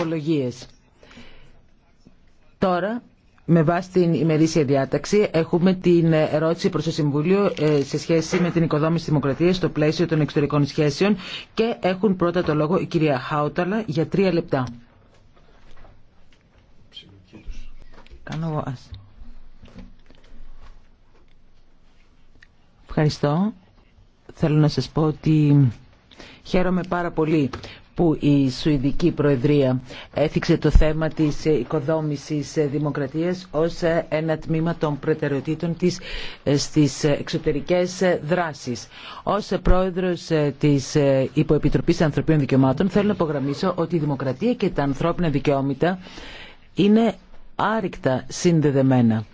απολογίες. Τώρα, με βάση την ημερήσια διάταξη, έχουμε την ερώτηση προς το Συμβούλιο ε, σε σχέση με την οικοδόμηση της δημοκρατίας στο πλαίσιο των εξωτερικών σχέσεων και έχουν πρώτα το λόγο η κυρία Χάουταλα για τρία λεπτά. Κάνω Ευχαριστώ. Θέλω να σας πω ότι χαίρομαι πάρα πολύ που η Σουηδική Προεδρία έθιξε το θέμα της οικοδόμησης δημοκρατίας ως ένα τμήμα των προτεραιοτήτων της στις εξωτερικές δράσεις. Ως πρόεδρος της Υποεπιτροπής Ανθρωπίνων Δικαιωμάτων θέλω να απογραμμίσω ότι η δημοκρατία και τα ανθρώπινα δικαιώματα είναι άρρηκτα συνδεδεμένα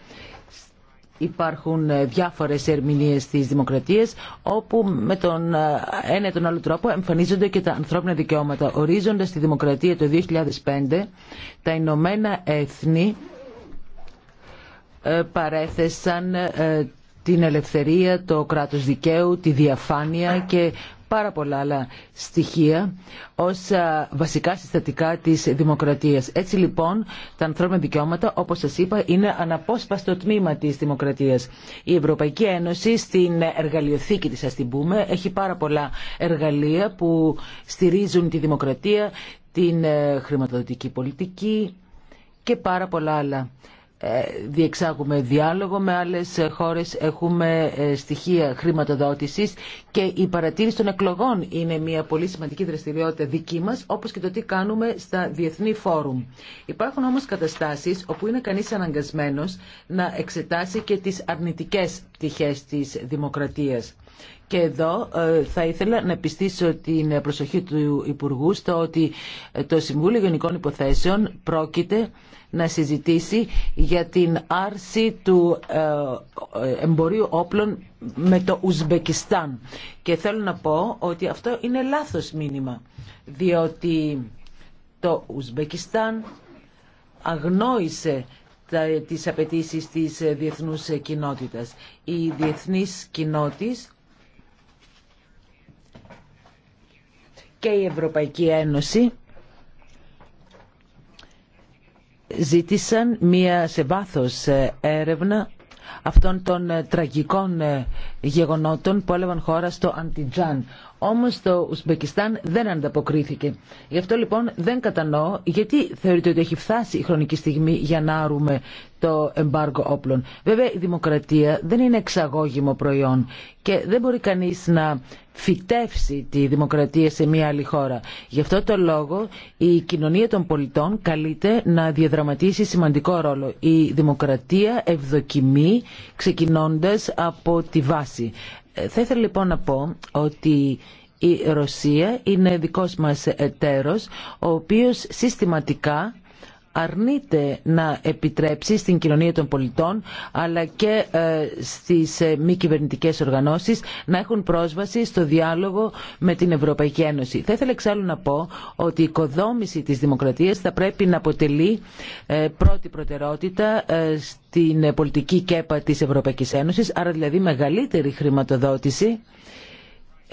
υπάρχουν ε, διάφορες ερμηνείες στις δημοκρατίες όπου με τον ε, ένα ή τον άλλο τρόπο εμφανίζονται και τα ανθρώπινα δικαιώματα. Ορίζοντας τη δημοκρατία το 2005 τα Ηνωμένα Έθνη ε, παρέθεσαν την ελευθερία, το κράτος δικαίου, τη διαφάνεια και πάρα πολλά άλλα στοιχεία ως βασικά συστατικά της δημοκρατίας. Έτσι λοιπόν τα ανθρώπινα δικαιώματα όπως σας είπα είναι αναπόσπαστο τμήμα της δημοκρατίας. Η Ευρωπαϊκή Ένωση στην εργαλειοθήκη της ας την πούμε έχει πάρα πολλά εργαλεία που στηρίζουν τη δημοκρατία, την ε, χρηματοδοτική πολιτική και πάρα πολλά άλλα. Ε, διεξάγουμε διάλογο με άλλες χώρες, έχουμε ε, στοιχεία χρηματοδότησης και η παρατήρηση των εκλογών είναι μια πολύ σημαντική δραστηριότητα δική μας, όπως και το τι κάνουμε στα διεθνή φόρουμ. Υπάρχουν όμως καταστάσεις όπου είναι κανείς αναγκασμένος να εξετάσει και τις αρνητικές πτυχές της δημοκρατίας. Και εδώ ε, θα ήθελα να επιστήσω την προσοχή του Υπουργού στο ότι ε, το Συμβούλιο Γενικών Υποθέσεων πρόκειται να συζητήσει για την άρση του ε, εμπορίου όπλων με το Ουσμπεκιστάν. Και θέλω να πω ότι αυτό είναι λάθος μήνυμα, διότι το Ουσμπεκιστάν αγνόησε τις απαιτήσεις της διεθνούς κοινότητας. Η διεθνής κοινότης και η Ευρωπαϊκή Ένωση ζήτησαν μία σε βάθος ε, έρευνα αυτών των ε, τραγικών ε, γεγονότων που έλαβαν χώρα στο Αντιτζάν όμως το Ουσμπεκιστάν δεν ανταποκρίθηκε. Γι' αυτό λοιπόν δεν κατανοώ γιατί θεωρείτε ότι έχει φτάσει η χρονική στιγμή για να άρουμε το εμπάργκο όπλων. Βέβαια η δημοκρατία δεν είναι εξαγώγημο προϊόν και δεν μπορεί κανείς να φυτεύσει τη δημοκρατία σε μια άλλη χώρα. Γι' αυτό το λόγο η κοινωνία των πολιτών καλείται να διαδραματίσει σημαντικό ρόλο. Η δημοκρατία ευδοκιμεί ξεκινώντας από τη βάση. Ε, θα ήθελα λοιπόν να πω ότι η Ρωσία είναι δικός μας εταίρος, ο οποίος συστηματικά αρνείται να επιτρέψει στην κοινωνία των πολιτών αλλά και ε, στις ε, μη κυβερνητικέ οργανώσεις να έχουν πρόσβαση στο διάλογο με την Ευρωπαϊκή Ένωση. Θα ήθελα εξάλλου να πω ότι η οικοδόμηση της δημοκρατίας θα πρέπει να αποτελεί ε, πρώτη προτεραιότητα στην πολιτική κέπα της Ευρωπαϊκής Ένωσης, άρα δηλαδή μεγαλύτερη χρηματοδότηση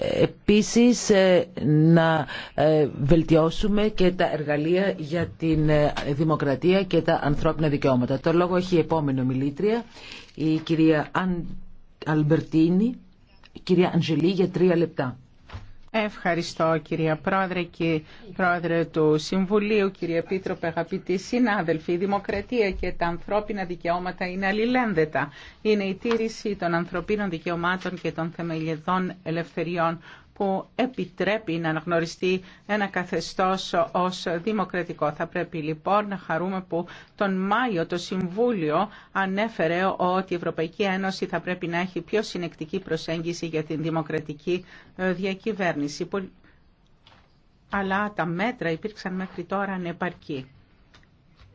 Επίσης ε, να ε, βελτιώσουμε και τα εργαλεία για την ε, δημοκρατία και τα ανθρώπινα δικαιώματα. Το λόγο έχει η επόμενη ομιλήτρια, η κυρία Αλμπερτίνη, κυρία Αντζελή για τρία λεπτά. Ευχαριστώ κυρία Πρόεδρε και Πρόεδρε του Συμβουλίου, κύριε Επίτροπε, αγαπητοί συνάδελφοι. Η δημοκρατία και τα ανθρώπινα δικαιώματα είναι αλληλένδετα. Είναι η τήρηση των ανθρωπίνων δικαιωμάτων και των θεμελιωδών ελευθεριών που επιτρέπει να αναγνωριστεί ένα καθεστώς ως δημοκρατικό. Θα πρέπει λοιπόν να χαρούμε που τον Μάιο το Συμβούλιο ανέφερε ότι η Ευρωπαϊκή Ένωση θα πρέπει να έχει πιο συνεκτική προσέγγιση για την δημοκρατική ε, διακυβέρνηση. Αλλά τα μέτρα υπήρξαν μέχρι τώρα ανεπαρκή.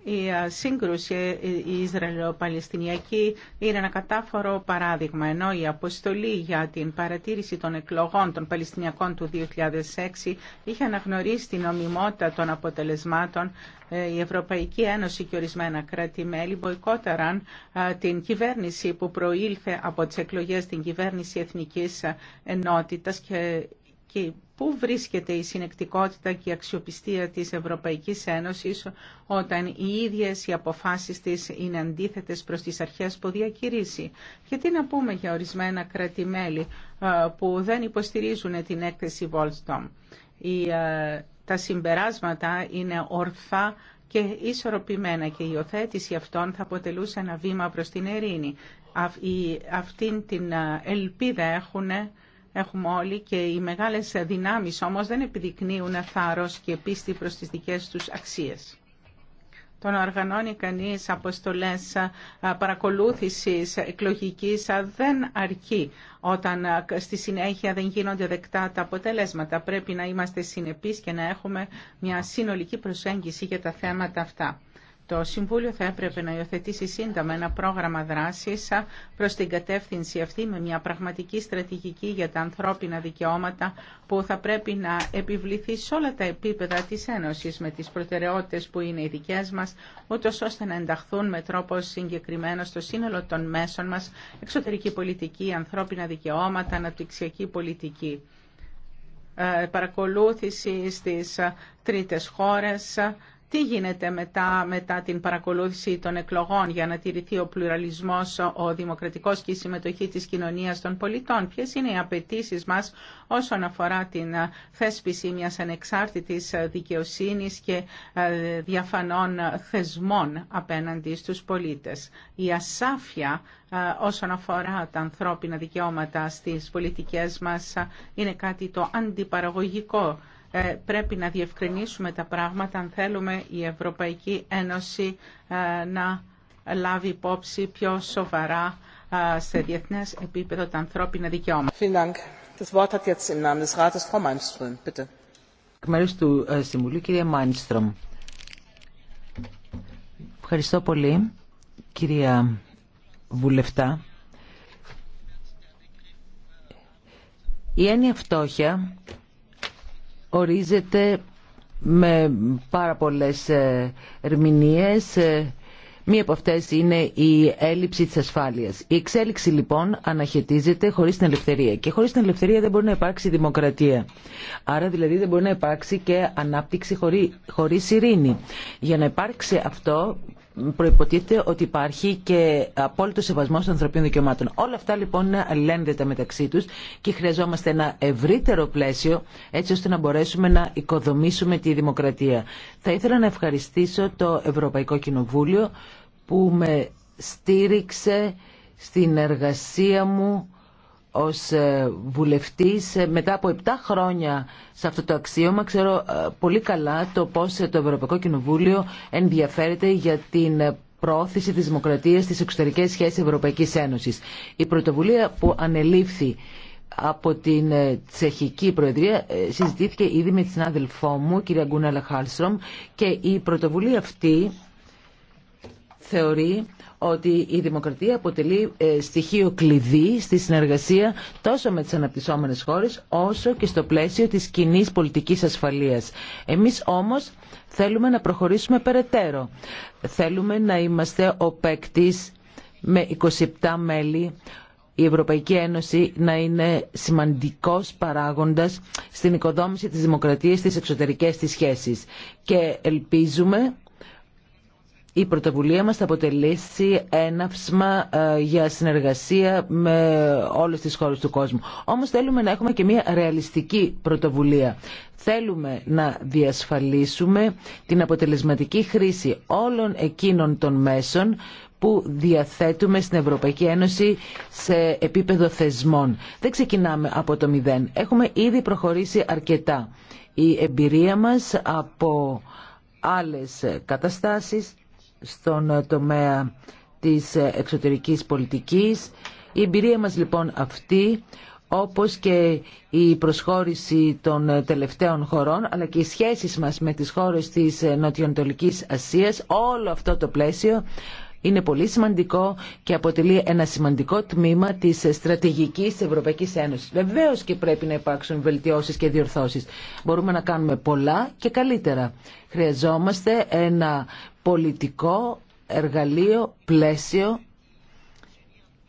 Η ε, σύγκρουση ε, η Ισραηλο-Παλαιστινιακή είναι ένα κατάφορο παράδειγμα, ενώ η αποστολή για την παρατήρηση των εκλογών των Παλαιστινιακών του 2006 είχε αναγνωρίσει την ομιμότητα των αποτελεσμάτων. Ε, η Ευρωπαϊκή Ένωση και ορισμένα κράτη-μέλη μποϊκόταραν την κυβέρνηση που προήλθε από τις εκλογές την κυβέρνηση Εθνικής Ενότητας και Πού βρίσκεται η συνεκτικότητα και η αξιοπιστία της Ευρωπαϊκής Ένωσης όταν οι ίδιες οι αποφάσεις της είναι αντίθετες προς τις αρχές που διακηρύσει. Και τι να πούμε για ορισμένα κρατημέλη ε, που δεν υποστηρίζουν την έκθεση Βόλστομ. Ε, τα συμπεράσματα είναι ορθά και ισορροπημένα και η υιοθέτηση αυτών θα αποτελούσε ένα βήμα προς την ειρήνη. Αυτή την ε, ελπίδα έχουν έχουμε όλοι και οι μεγάλες δυνάμεις όμως δεν επιδεικνύουν θάρρος και πίστη προς τις δικές τους αξίες. Το να οργανώνει κανείς αποστολές παρακολούθησης εκλογικής δεν αρκεί όταν στη συνέχεια δεν γίνονται δεκτά τα αποτελέσματα. Πρέπει να είμαστε συνεπείς και να έχουμε μια συνολική προσέγγιση για τα θέματα αυτά. Το Συμβούλιο θα έπρεπε να υιοθετήσει σύντομα ένα πρόγραμμα δράσης προς την κατεύθυνση αυτή με μια πραγματική στρατηγική για τα ανθρώπινα δικαιώματα που θα πρέπει να επιβληθεί σε όλα τα επίπεδα της Ένωσης με τις προτεραιότητες που είναι οι δικές μας, ούτως ώστε να ενταχθούν με τρόπο συγκεκριμένο στο σύνολο των μέσων μας εξωτερική πολιτική, ανθρώπινα δικαιώματα, αναπτυξιακή πολιτική ε, παρακολούθηση στις τρίτες χώρες, τι γίνεται μετά, μετά την παρακολούθηση των εκλογών για να τηρηθεί ο πλουραλισμός, ο δημοκρατικός και η συμμετοχή της κοινωνίας των πολιτών. Ποιες είναι οι απαιτήσει μας όσον αφορά την ε, θέσπιση μιας ανεξάρτητης ε, δικαιοσύνης και ε, διαφανών θεσμών απέναντι στους πολίτες. Η ασάφεια όσον αφορά τα ανθρώπινα δικαιώματα στις πολιτικές μας είναι κάτι το αντιπαραγωγικό ε, πρέπει να διευκρινίσουμε τα πράγματα αν θέλουμε η Ευρωπαϊκή Ένωση ε, να λάβει υπόψη πιο σοβαρά ε, σε διεθνές επίπεδο τα ανθρώπινα δικαιώματα. μέρους του Ευχαριστώ πολύ, κυρία Βουλευτά. Η έννοια φτώχεια ορίζεται με πάρα πολλές ε, ερμηνείες. Ε, μία από αυτές είναι η έλλειψη της ασφάλειας. Η εξέλιξη λοιπόν αναχαιτίζεται χωρίς την ελευθερία και χωρίς την ελευθερία δεν μπορεί να υπάρξει δημοκρατία. Άρα δηλαδή δεν μπορεί να υπάρξει και ανάπτυξη χωρί, χωρίς ειρήνη. Για να υπάρξει αυτό προϋποτίθεται ότι υπάρχει και απόλυτο σεβασμό των ανθρωπίνων δικαιωμάτων. Όλα αυτά λοιπόν είναι αλληλένδετα μεταξύ τους και χρειαζόμαστε ένα ευρύτερο πλαίσιο έτσι ώστε να μπορέσουμε να οικοδομήσουμε τη δημοκρατία. Θα ήθελα να ευχαριστήσω το Ευρωπαϊκό Κοινοβούλιο που με στήριξε στην εργασία μου ως ε, βουλευτής ε, μετά από 7 χρόνια σε αυτό το αξίωμα ξέρω ε, πολύ καλά το πώς το Ευρωπαϊκό Κοινοβούλιο ενδιαφέρεται για την προώθηση της δημοκρατίας στις εξωτερικές σχέσεις Ευρωπαϊκής Ένωσης. Η πρωτοβουλία που ανελήφθη από την Τσεχική Προεδρία συζητήθηκε ήδη με την αδελφό μου, κυρία Γκούναλα Χάλστρομ, και η πρωτοβουλία αυτή θεωρεί ότι η δημοκρατία αποτελεί ε, στοιχείο κλειδί στη συνεργασία τόσο με τις αναπτυσσόμενες χώρες όσο και στο πλαίσιο της κοινή πολιτικής ασφαλείας. Εμείς όμως θέλουμε να προχωρήσουμε περαιτέρω. Θέλουμε να είμαστε ο παίκτη με 27 μέλη η Ευρωπαϊκή Ένωση να είναι σημαντικός παράγοντας στην οικοδόμηση της δημοκρατίας στις εξωτερικές της σχέσεις. Και ελπίζουμε η πρωτοβουλία μας θα αποτελήσει έναυσμα ε, για συνεργασία με όλες τις χώρες του κόσμου. Όμως θέλουμε να έχουμε και μια ρεαλιστική πρωτοβουλία. Θέλουμε να διασφαλίσουμε την αποτελεσματική χρήση όλων εκείνων των μέσων που διαθέτουμε στην Ευρωπαϊκή Ένωση σε επίπεδο θεσμών. Δεν ξεκινάμε από το μηδέν. Έχουμε ήδη προχωρήσει αρκετά. Η εμπειρία μας από άλλες καταστάσεις στον ε, τομέα της ε, εξωτερικής πολιτικής. Η εμπειρία μας λοιπόν αυτή όπως και η προσχώρηση των ε, τελευταίων χωρών αλλά και οι σχέσεις μας με τις χώρες της Νοτιοανατολικής Ασίας όλο αυτό το πλαίσιο είναι πολύ σημαντικό και αποτελεί ένα σημαντικό τμήμα της στρατηγικής Ευρωπαϊκής Ένωσης. Βεβαίως και πρέπει να υπάρξουν βελτιώσεις και διορθώσεις. Μπορούμε να κάνουμε πολλά και καλύτερα. Χρειαζόμαστε ένα πολιτικό εργαλείο, πλαίσιο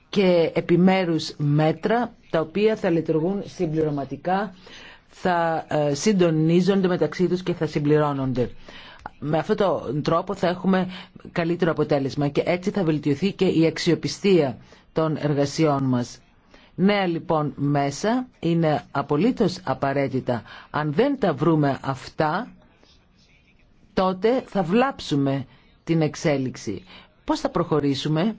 και επιμέρους μέτρα τα οποία θα λειτουργούν συμπληρωματικά, θα ε, συντονίζονται μεταξύ τους και θα συμπληρώνονται. Με αυτόν τον τρόπο θα έχουμε καλύτερο αποτέλεσμα και έτσι θα βελτιωθεί και η αξιοπιστία των εργασιών μας. Νέα λοιπόν μέσα είναι απολύτως απαραίτητα. Αν δεν τα βρούμε αυτά, τότε θα βλάψουμε την εξέλιξη. Πώς θα προχωρήσουμε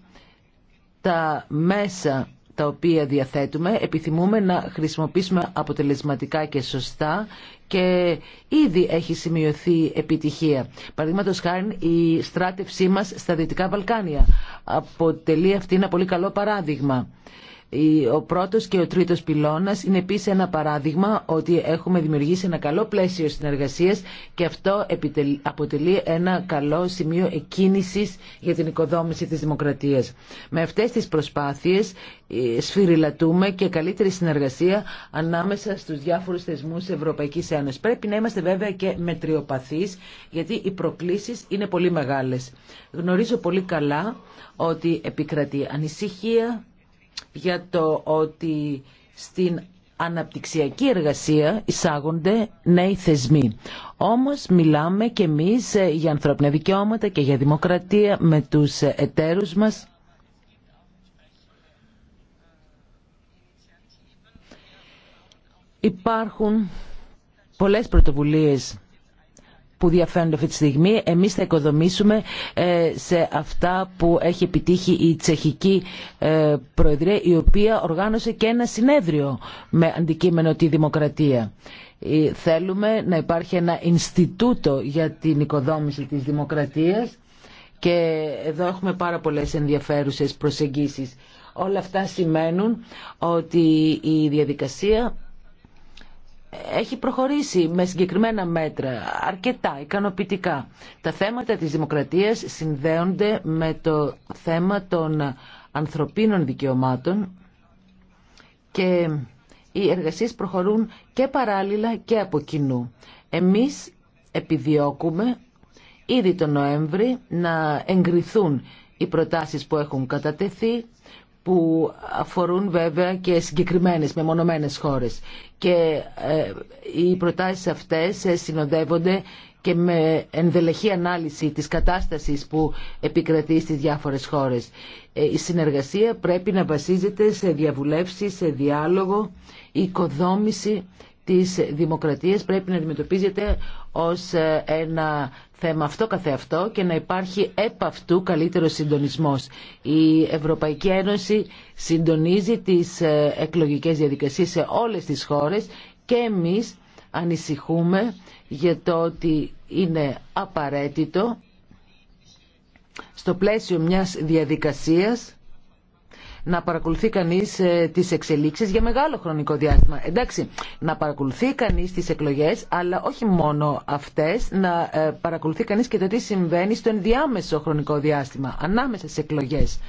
τα μέσα τα οποία διαθέτουμε, επιθυμούμε να χρησιμοποιήσουμε αποτελεσματικά και σωστά και ήδη έχει σημειωθεί επιτυχία. Παραδείγματο χάρη η στράτευσή μας στα Δυτικά Βαλκάνια αποτελεί αυτή ένα πολύ καλό παράδειγμα. Ο πρώτος και ο τρίτος πυλώνας είναι επίσης ένα παράδειγμα ότι έχουμε δημιουργήσει ένα καλό πλαίσιο συνεργασίας και αυτό αποτελεί ένα καλό σημείο εκκίνησης για την οικοδόμηση της δημοκρατίας. Με αυτές τις προσπάθειες ε, σφυριλατούμε και καλύτερη συνεργασία ανάμεσα στους διάφορους θεσμούς Ευρωπαϊκής Ένωσης. Πρέπει να είμαστε βέβαια και μετριοπαθείς γιατί οι προκλήσεις είναι πολύ μεγάλες. Γνωρίζω πολύ καλά ότι επικρατεί ανησυχία για το ότι στην αναπτυξιακή εργασία εισάγονται νέοι θεσμοί. Όμως μιλάμε και εμείς ε, για ανθρώπινα δικαιώματα και για δημοκρατία με τους ε, εταίρους μας. Υπάρχουν πολλές πρωτοβουλίες που διαφαίνονται αυτή τη στιγμή. Εμείς θα οικοδομήσουμε ε, σε αυτά που έχει επιτύχει η Τσεχική ε, Προεδρία, η οποία οργάνωσε και ένα συνέδριο με αντικείμενο τη δημοκρατία. Ε, θέλουμε να υπάρχει ένα Ινστιτούτο για την οικοδόμηση της δημοκρατίας και εδώ έχουμε πάρα πολλές ενδιαφέρουσες προσεγγίσεις. Όλα αυτά σημαίνουν ότι η διαδικασία έχει προχωρήσει με συγκεκριμένα μέτρα, αρκετά ικανοποιητικά. Τα θέματα της δημοκρατίας συνδέονται με το θέμα των ανθρωπίνων δικαιωμάτων και οι εργασίες προχωρούν και παράλληλα και από κοινού. Εμείς επιδιώκουμε ήδη τον Νοέμβρη να εγκριθούν οι προτάσεις που έχουν κατατεθεί, που αφορούν βέβαια και συγκεκριμένες μεμονωμένες χώρες. Και ε, οι προτάσεις αυτές ε, συνοδεύονται και με ενδελεχή ανάλυση της κατάστασης που επικρατεί στις διάφορες χώρες. Ε, η συνεργασία πρέπει να βασίζεται σε διαβουλεύσεις, σε διάλογο, η οικοδόμηση της δημοκρατίας πρέπει να αντιμετωπίζεται ως ένα θέμα αυτό καθεαυτό και να υπάρχει επ' αυτού καλύτερος συντονισμός. Η Ευρωπαϊκή Ένωση συντονίζει τις ε, εκλογικές διαδικασίες σε όλες τις χώρες και εμείς ανησυχούμε για το ότι είναι απαραίτητο στο πλαίσιο μιας διαδικασίας να παρακολουθεί κανείς ε, τις εξελίξεις για μεγάλο χρονικό διάστημα. Εντάξει, να παρακολουθεί κανείς τις εκλογές, αλλά όχι μόνο αυτές, να ε, παρακολουθεί κανείς και το τι συμβαίνει στο ενδιάμεσο χρονικό διάστημα, ανάμεσα στις εκλογές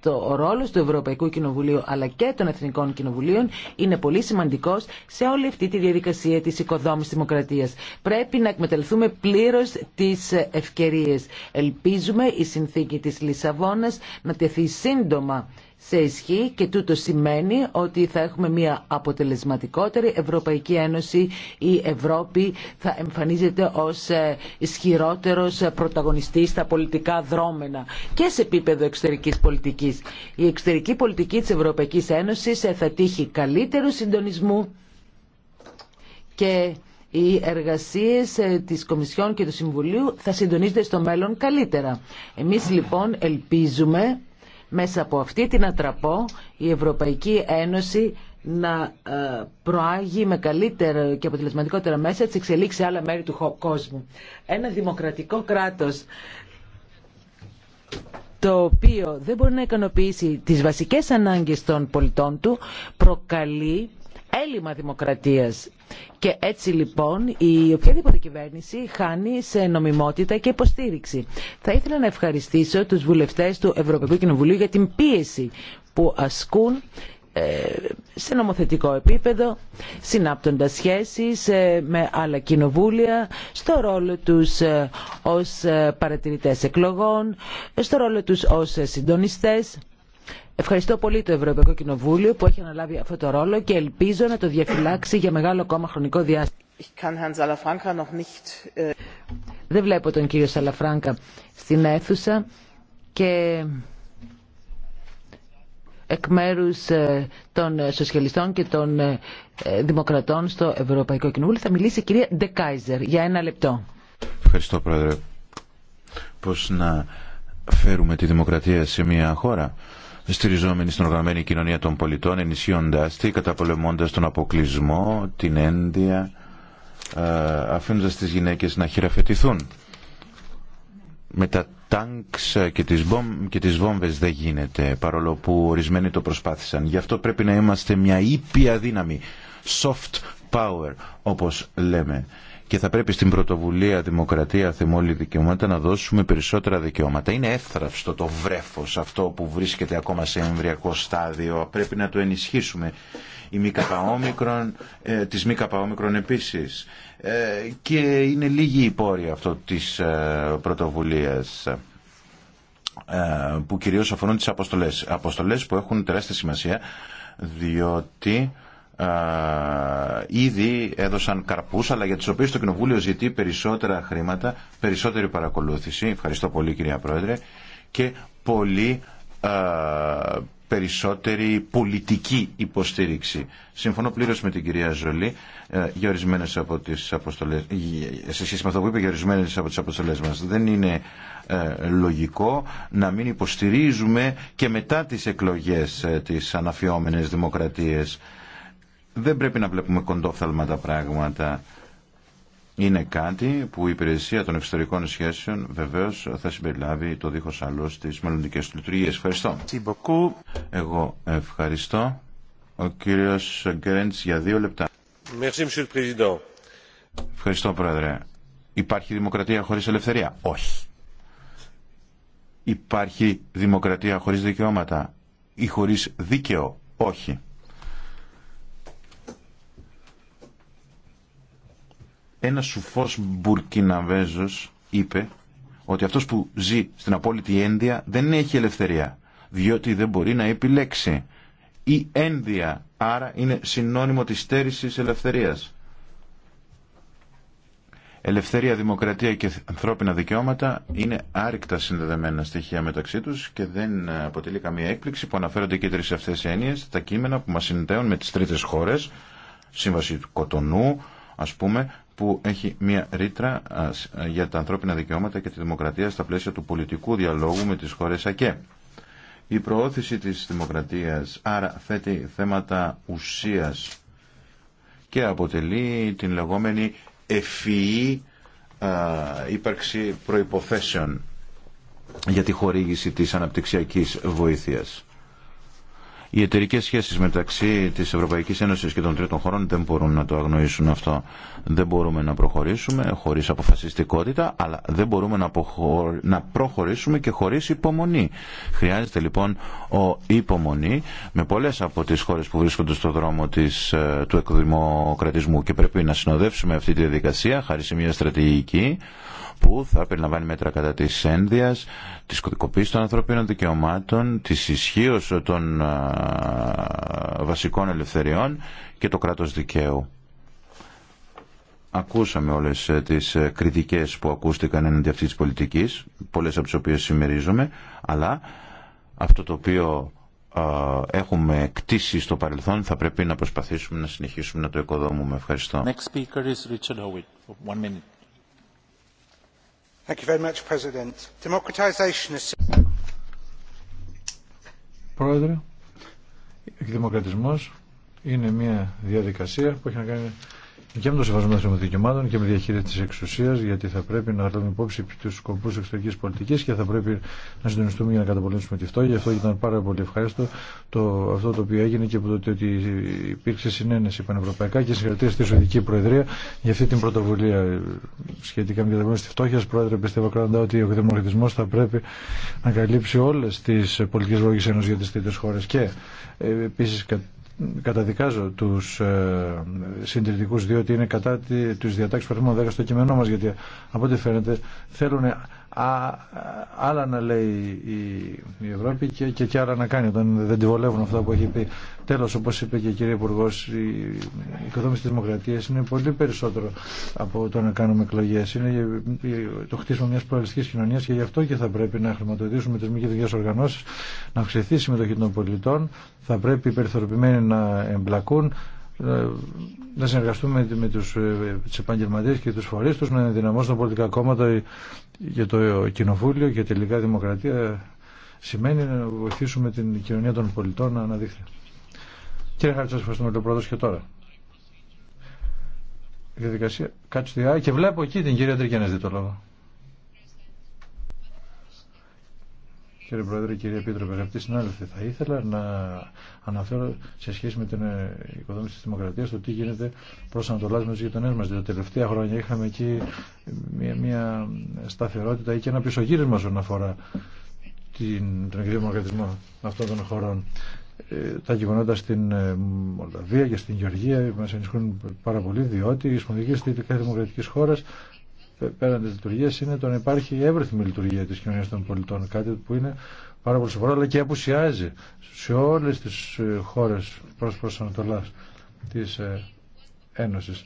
το, ο ρόλος του Ευρωπαϊκού Κοινοβουλίου αλλά και των Εθνικών Κοινοβουλίων είναι πολύ σημαντικός σε όλη αυτή τη διαδικασία της οικοδόμησης δημοκρατίας. Πρέπει να εκμεταλλευτούμε πλήρως τις ευκαιρίες. Ελπίζουμε η συνθήκη της Λισαβόνας να τεθεί σύντομα σε ισχύ και τούτο σημαίνει ότι θα έχουμε μια αποτελεσματικότερη Ευρωπαϊκή Ένωση. Η Ευρώπη θα εμφανίζεται ως ε, ισχυρότερος πρωταγωνιστής στα πολιτικά δρόμενα και σε επίπεδο εξωτερικής πολιτικής. Η εξωτερική πολιτική της Ευρωπαϊκής Ένωσης ε, θα τύχει καλύτερου συντονισμού και οι εργασίες ε, της Κομισιόν και του Συμβουλίου θα συντονίζονται στο μέλλον καλύτερα. Εμείς λοιπόν ελπίζουμε μέσα από αυτή την ατραπό η Ευρωπαϊκή Ένωση να ε, προάγει με καλύτερα και αποτελεσματικότερα μέσα τις εξελίξει σε άλλα μέρη του κόσμου. Ένα δημοκρατικό κράτος το οποίο δεν μπορεί να ικανοποιήσει τις βασικές ανάγκες των πολιτών του προκαλεί έλλειμμα δημοκρατίας. Και έτσι λοιπόν η οποιαδήποτε κυβέρνηση χάνει σε νομιμότητα και υποστήριξη. Θα ήθελα να ευχαριστήσω τους βουλευτές του Ευρωπαϊκού Κοινοβουλίου για την πίεση που ασκούν ε, σε νομοθετικό επίπεδο, συνάπτοντας σχέσεις ε, με άλλα κοινοβούλια, στο ρόλο τους ε, ως παρατηρητές εκλογών, στο ρόλο τους ως συντονιστές. Ευχαριστώ πολύ το Ευρωπαϊκό Κοινοβούλιο που έχει αναλάβει αυτό το ρόλο και ελπίζω να το διαφυλάξει για μεγάλο κόμμα χρονικό διάστημα. Ε, Δεν βλέπω τον κύριο Σαλαφράγκα στην αίθουσα και εκ μέρου ε, των σοσιαλιστών και των ε, δημοκρατών στο Ευρωπαϊκό Κοινοβούλιο θα μιλήσει η κυρία Ντεκάιζερ για ένα λεπτό. Ευχαριστώ πρόεδρε. Πώς να φέρουμε τη δημοκρατία σε μια χώρα στηριζόμενοι στην οργανωμένη κοινωνία των πολιτών, ενισχύοντάς τη, καταπολεμώντας τον αποκλεισμό, την ένδια, ε, αφήνοντας τις γυναίκες να χειραφετηθούν. Με τα τάγκ και τις, και τις βόμβες δεν γίνεται, παρόλο που ορισμένοι το προσπάθησαν. Γι' αυτό πρέπει να είμαστε μια ήπια δύναμη, soft power, όπως λέμε και θα πρέπει στην πρωτοβουλία Δημοκρατία Θεμόλη Δικαιώματα να δώσουμε περισσότερα δικαιώματα. Είναι εύθραυστο το βρέφος αυτό που βρίσκεται ακόμα σε εμβριακό στάδιο. Πρέπει να το ενισχύσουμε. Η μη ε, της επίσης. Ε, και είναι λίγη η πόρη αυτό της ε, πρωτοβουλίας ε, που κυρίως αφορούν τις αποστολές. Αποστολές που έχουν τεράστια σημασία διότι ήδη έδωσαν καρπούς αλλά για τις οποίες το Κοινοβούλιο ζητεί περισσότερα χρήματα, περισσότερη παρακολούθηση ευχαριστώ πολύ κυρία Πρόεδρε και πολύ α, περισσότερη πολιτική υποστήριξη. Συμφωνώ πλήρως με την κυρία Ζολή από τις αποστολές, σε σχέση με αυτό που είπε για από τις αποστολές μας. Δεν είναι λογικό να μην υποστηρίζουμε και μετά τις εκλογές ε, τις αναφιόμενες δημοκρατίες δεν πρέπει να βλέπουμε κοντόφθαλμα τα πράγματα. Είναι κάτι που η υπηρεσία των εξωτερικών σχέσεων βεβαίω θα συμπεριλάβει το δίχω άλλο στι μελλοντικέ του λειτουργίε. Ευχαριστώ. Εγώ ευχαριστώ. Ο κύριο Γκέρεντ για δύο λεπτά. Ευχαριστώ, Πρόεδρε. Υπάρχει δημοκρατία χωρί ελευθερία. Όχι. Υπάρχει δημοκρατία χωρί δικαιώματα ή χωρί δίκαιο. Όχι. ένα σουφός Μπουρκιναβέζος είπε ότι αυτός που ζει στην απόλυτη ένδια δεν έχει ελευθερία, διότι δεν μπορεί να επιλέξει. Η ένδια άρα είναι συνώνυμο της στέρηση ελευθερίας. Ελευθερία, δημοκρατία και ανθρώπινα δικαιώματα είναι άρρηκτα συνδεδεμένα στοιχεία μεταξύ τους και δεν αποτελεί καμία έκπληξη που αναφέρονται και οι τρεις αυτές έννοιες, τα κείμενα που μας συνδέουν με τις τρίτες χώρες, σύμβαση Κοτονού, ας πούμε, που έχει μία ρήτρα για τα ανθρώπινα δικαιώματα και τη δημοκρατία στα πλαίσια του πολιτικού διαλόγου με τις χώρες ΑΚΕ. Η προώθηση της δημοκρατίας άρα θέτει θέματα ουσίας και αποτελεί την λεγόμενη ευφυή ύπαρξη προϋποθέσεων για τη χορήγηση της αναπτυξιακής βοήθειας. Οι εταιρικέ σχέσει μεταξύ τη Ευρωπαϊκή Ένωση και των τρίτων χωρών δεν μπορούν να το αγνοήσουν αυτό. Δεν μπορούμε να προχωρήσουμε χωρί αποφασιστικότητα, αλλά δεν μπορούμε να, να προχωρήσουμε και χωρί υπομονή. Χρειάζεται λοιπόν ο υπομονή με πολλέ από τι χώρε που βρίσκονται στο δρόμο της, ε, του εκδημοκρατισμού και πρέπει να συνοδεύσουμε αυτή τη διαδικασία χάρη σε μια στρατηγική που θα περιλαμβάνει μέτρα κατά της ένδυας, της κωδικοποίηση των ανθρωπίνων δικαιωμάτων, της ισχύω των βασικών ελευθεριών και το κράτο δικαίου. Ακούσαμε όλες ε, τις ε, κριτικές που ακούστηκαν εναντί αυτή τη πολιτική, πολλές από τι οποίε συμμερίζομαι, αλλά αυτό το οποίο έχουμε κτίσει στο παρελθόν θα πρέπει να προσπαθήσουμε να συνεχίσουμε να το οικοδόμουμε. Ευχαριστώ. Πρόεδρε, εκδημοκρατισμός είναι μια διαδικασία που έχει να κάνει και με το σεβασμό των δικαιωμάτων και με διαχείριση τη εξουσία, γιατί θα πρέπει να λάβουμε υπόψη του σκοπού εξωτερική πολιτική και θα πρέπει να συντονιστούμε για να καταπολεμήσουμε τη φτώχεια. Αυτό ήταν πάρα πολύ ευχάριστο το, αυτό το οποίο έγινε και από το ότι υπήρξε συνένεση πανευρωπαϊκά και συγχαρητήρια στη Σουηδική Προεδρία για αυτή την πρωτοβουλία σχετικά με την καταπολέμηση τη φτώχεια. Πρόεδρε, πιστεύω κρατά ότι ο δημοκρατισμό θα πρέπει να καλύψει όλε τι πολιτικέ λόγε ενό για τι τρίτε χώρε. Και ε, επίση καταδικάζω τους ε, συντηρητικούς διότι είναι κατά τις διατάξεις που 10 στο κείμενό μας γιατί από ό,τι φαίνεται θέλουν α, άλλα να λέει η, Ευρώπη και, και, και άλλα να κάνει όταν δεν τη βολεύουν αυτά που έχει πει. Τέλος, όπως είπε και η κυρία Υπουργό, η οικοδόμηση της δημοκρατίας είναι πολύ περισσότερο από το να κάνουμε εκλογέ. Είναι ε, ε, το χτίσμα μιας πλουραλιστικής κοινωνίας και γι' αυτό και θα πρέπει να χρηματοδοτήσουμε τις μη κυβερνικές οργανώσεις, να αυξηθεί η συμμετοχή των πολιτών, θα πρέπει οι περιθωριοποιημένοι να εμπλακούν, να συνεργαστούμε με τους, ε, τις και τους φορείς τους, να ενδυναμώσουν τα πολιτικά κόμματα ε, για το ε, κοινοβούλιο και τελικά δημοκρατία σημαίνει να βοηθήσουμε την κοινωνία των πολιτών να αναδείχθει. Κύριε Χάρη, σας ευχαριστούμε το πρώτος και τώρα. Η διαδικασία κάτσε και βλέπω εκεί την κυρία να δει το λόγο. Κύριε Πρόεδρε, κύριε Επίτροπε, αγαπητοί συνάδελφοι, θα ήθελα να αναφέρω σε σχέση με την ε, οικοδόμηση τη Δημοκρατία το τι γίνεται προ Ανατολά με του γειτονέ μα. διότι τα τελευταία χρόνια είχαμε εκεί μια, σταθερότητα ή και ένα πισωγύρισμα όσον αφορά την, τον εκδημοκρατισμό αυτών των χωρών. Ε, τα γεγονότα στην ε, Μολδαβία και στην Γεωργία μα ενισχύουν πάρα πολύ διότι η σπονδική στήριξη κάθε δημοκρατική χώρα πέραν τη λειτουργία είναι το να υπάρχει εύρυθμη λειτουργία τη κοινωνία των πολιτών. Κάτι που είναι πάρα πολύ σοβαρό, αλλά και απουσιάζει σε όλε τι ε, χώρε προ προσανατολά τη ε, Ένωση.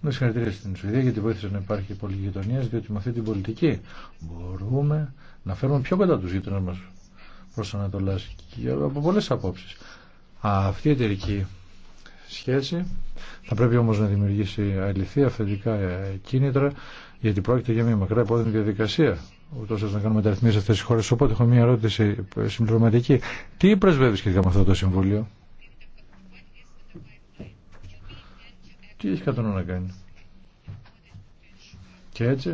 Με συγχαρητήρια στην Σουηδία γιατί βοήθησε να υπάρχει πολιτική γειτονία, διότι με αυτή την πολιτική μπορούμε να φέρουμε πιο κοντά του γείτονε μα προ Ανατολά από πολλέ απόψει. Αυτή η εταιρική σχέση. Θα πρέπει όμως να δημιουργήσει αληθή αυθεντικά κίνητρα γιατί πρόκειται για μια μακρά υπόδειγμα διαδικασία ούτω ώστε να κάνουμε μεταρρυθμίσει σε αυτέ τι χώρε. Οπότε έχω μια ερώτηση συμπληρωματική. Τι πρεσβεύει σχετικά με αυτό το συμβούλιο, Τι έχει κατά να κάνει. Και έτσι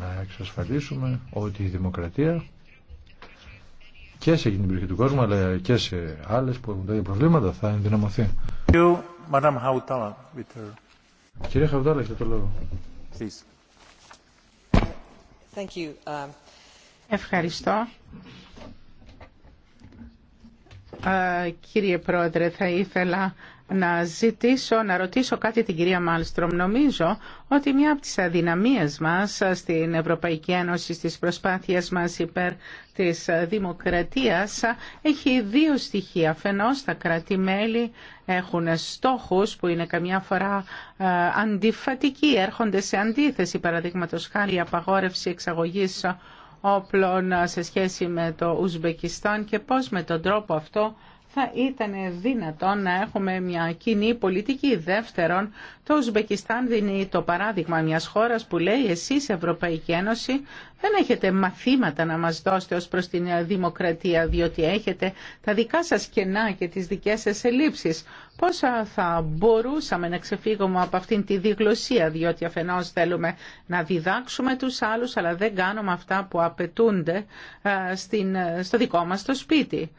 να εξασφαλίσουμε ότι η δημοκρατία και σε εκείνη την περιοχή του κόσμου αλλά και σε άλλες που έχουν τέτοια προβλήματα θα ενδυναμωθεί. Κυρία Χαουτάλα, έχετε το λόγο. Um, Ευχαριστώ. Κύριε Πρόεδρε, θα ήθελα να ζητήσω, να ρωτήσω κάτι την κυρία Μάλστρομ. Νομίζω ότι μια από τις αδυναμίες μας στην Ευρωπαϊκή Ένωση, στις προσπάθειες μας υπέρ της δημοκρατίας έχει δύο στοιχεία. Αφενός τα κράτη-μέλη έχουν στόχους που είναι καμιά φορά ε, αντιφατικοί, έρχονται σε αντίθεση παραδείγματο χάρη η απαγόρευση εξαγωγής όπλων σε σχέση με το Ουσμπεκιστάν και πώς με τον τρόπο αυτό θα ήταν δυνατόν να έχουμε μια κοινή πολιτική. Δεύτερον, το Ουσμπεκιστάν δίνει το παράδειγμα μιας χώρας που λέει εσείς Ευρωπαϊκή Ένωση δεν έχετε μαθήματα να μας δώσετε ως προς την δημοκρατία διότι έχετε τα δικά σας κενά και τις δικές σας ελλείψεις. Πώς θα μπορούσαμε να ξεφύγουμε από αυτήν τη διγλωσία διότι αφενός θέλουμε να διδάξουμε τους άλλους αλλά δεν κάνουμε αυτά που απαιτούνται ε, ε, στο δικό μας το σπίτι.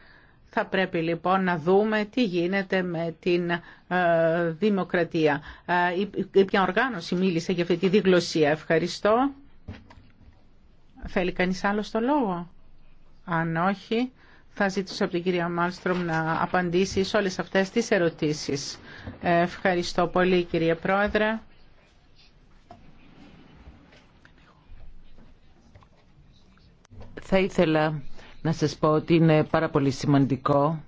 Θα πρέπει λοιπόν να δούμε τι γίνεται με την ε, δημοκρατία. Ε, ποια οργάνωση μίλησε για αυτή τη διγλωσία. Ευχαριστώ. Θέλει κανείς άλλο το λόγο. Αν όχι, θα ζητήσω από την κυρία Μάλστρομ να απαντήσει σε όλες αυτές τις ερωτήσεις. Ε, ευχαριστώ πολύ κυρία Πρόεδρε. Θα ήθελα να σας πω ότι είναι πάρα πολύ σημαντικό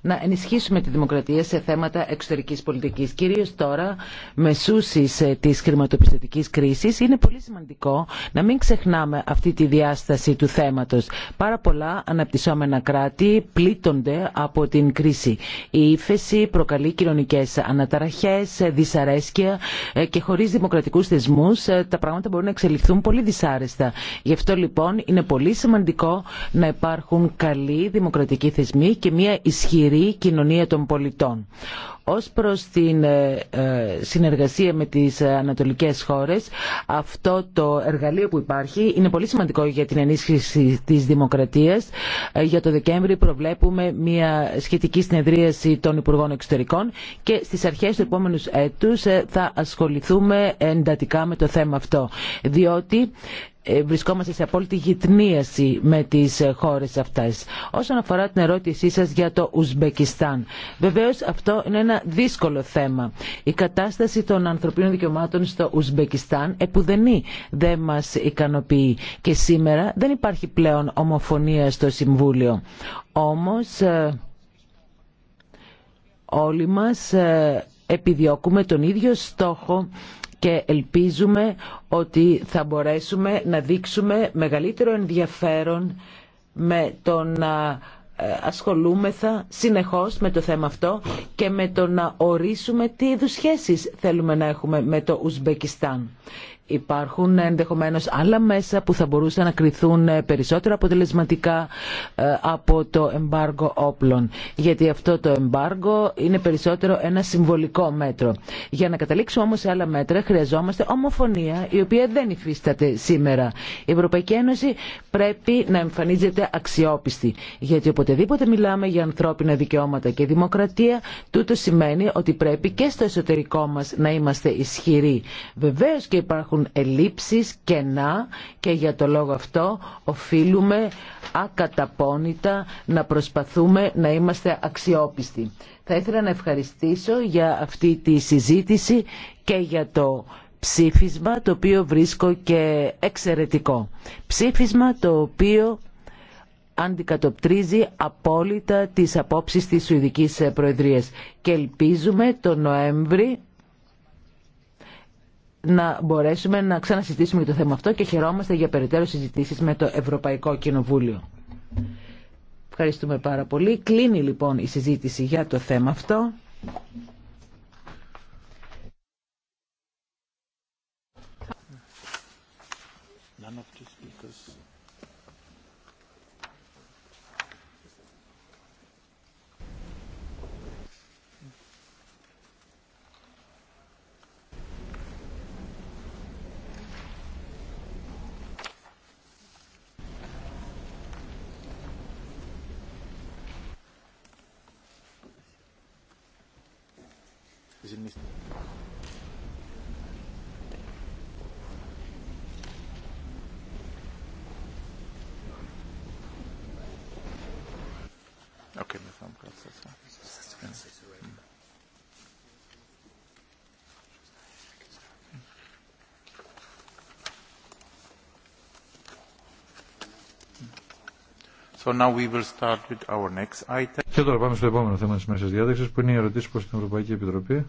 να ενισχύσουμε τη δημοκρατία σε θέματα εξωτερικής πολιτικής. Κυρίως τώρα, με μεσούσεις ε, της χρηματοπιστωτικής κρίσης, είναι πολύ σημαντικό να μην ξεχνάμε αυτή τη διάσταση του θέματος. Πάρα πολλά αναπτυσσόμενα κράτη πλήττονται από την κρίση. Η ύφεση προκαλεί κοινωνικές αναταραχές, ε, δυσαρέσκεια ε, και χωρίς δημοκρατικούς θεσμούς τα πράγματα μπορούν να εξελιχθούν πολύ δυσάρεστα. Γι' αυτό λοιπόν είναι πολύ σημαντικό να υπάρχουν καλοί δημοκρατικοί θεσμοί και μια ισχυρή ισχυρή κοινωνία των πολιτών. Ως προς την ε, ε, συνεργασία με τις ανατολικές χώρες, αυτό το εργαλείο που υπάρχει είναι πολύ σημαντικό για την ενίσχυση της δημοκρατίας. Ε, για το Δεκέμβρη προβλέπουμε μια σχετική συνεδρίαση των Υπουργών Εξωτερικών και στις αρχές του επόμενου έτους θα ασχοληθούμε εντατικά με το θέμα αυτό. Διότι ε, βρισκόμαστε σε απόλυτη γυτνίαση με τις χώρες αυτές. Όσον αφορά την ερώτησή σας για το Ουσμπεκιστάν, βεβαίως αυτό είναι ένα δύσκολο θέμα. Η κατάσταση των ανθρωπίνων δικαιωμάτων στο Ουσμπεκιστάν επουδενή δεν μας ικανοποιεί και σήμερα δεν υπάρχει πλέον ομοφωνία στο Συμβούλιο. Όμως ε, όλοι μας ε, επιδιώκουμε τον ίδιο στόχο και ελπίζουμε ότι θα μπορέσουμε να δείξουμε μεγαλύτερο ενδιαφέρον με το να ε, ασχολούμεθα συνεχώς με το θέμα αυτό και με το να ορίσουμε τι είδους σχέσεις θέλουμε να έχουμε με το Ουσμπεκιστάν υπάρχουν ενδεχομένως άλλα μέσα που θα μπορούσαν να κρυθούν ε, περισσότερο αποτελεσματικά ε, από το εμπάργο όπλων. Γιατί αυτό το εμπάργο είναι περισσότερο ένα συμβολικό μέτρο. Για να καταλήξουμε όμως σε άλλα μέτρα χρειαζόμαστε ομοφωνία η οποία δεν υφίσταται σήμερα. Η Ευρωπαϊκή Ένωση πρέπει να εμφανίζεται αξιόπιστη. Γιατί οποτεδήποτε μιλάμε για ανθρώπινα δικαιώματα και δημοκρατία, τούτο σημαίνει ότι πρέπει και στο εσωτερικό μας να είμαστε ισχυροί. Βεβαίως και υπάρχουν υπάρχουν ελλείψεις, κενά και για το λόγο αυτό οφείλουμε ακαταπώνητα να προσπαθούμε να είμαστε αξιόπιστοι. Θα ήθελα να ευχαριστήσω για αυτή τη συζήτηση και για το ψήφισμα το οποίο βρίσκω και εξαιρετικό. Ψήφισμα το οποίο αντικατοπτρίζει απόλυτα τις απόψεις της Σουηδικής Προεδρίας και ελπίζουμε το Νοέμβρη να μπορέσουμε να ξανασυζητήσουμε για το θέμα αυτό και χαιρόμαστε για περαιτέρω συζητήσεις με το Ευρωπαϊκό Κοινοβούλιο. Ευχαριστούμε πάρα πολύ. Κλείνει λοιπόν η συζήτηση για το θέμα αυτό. Okay, wir haben gerade So now we will start with our next item. Και τώρα πάμε στο επόμενο θέμα τη μέσης διάταξη που είναι οι ερωτήσει προς την Ευρωπαϊκή Επιτροπή.